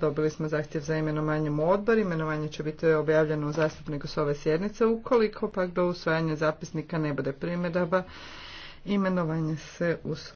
Dobili smo zahtjev za imenovanjem u odbor. Imenovanje će biti objavljeno u zastupniku s ove sjednice. Ukoliko pak do usvajanja zapisnika ne bude primjedaba, imenovanje se u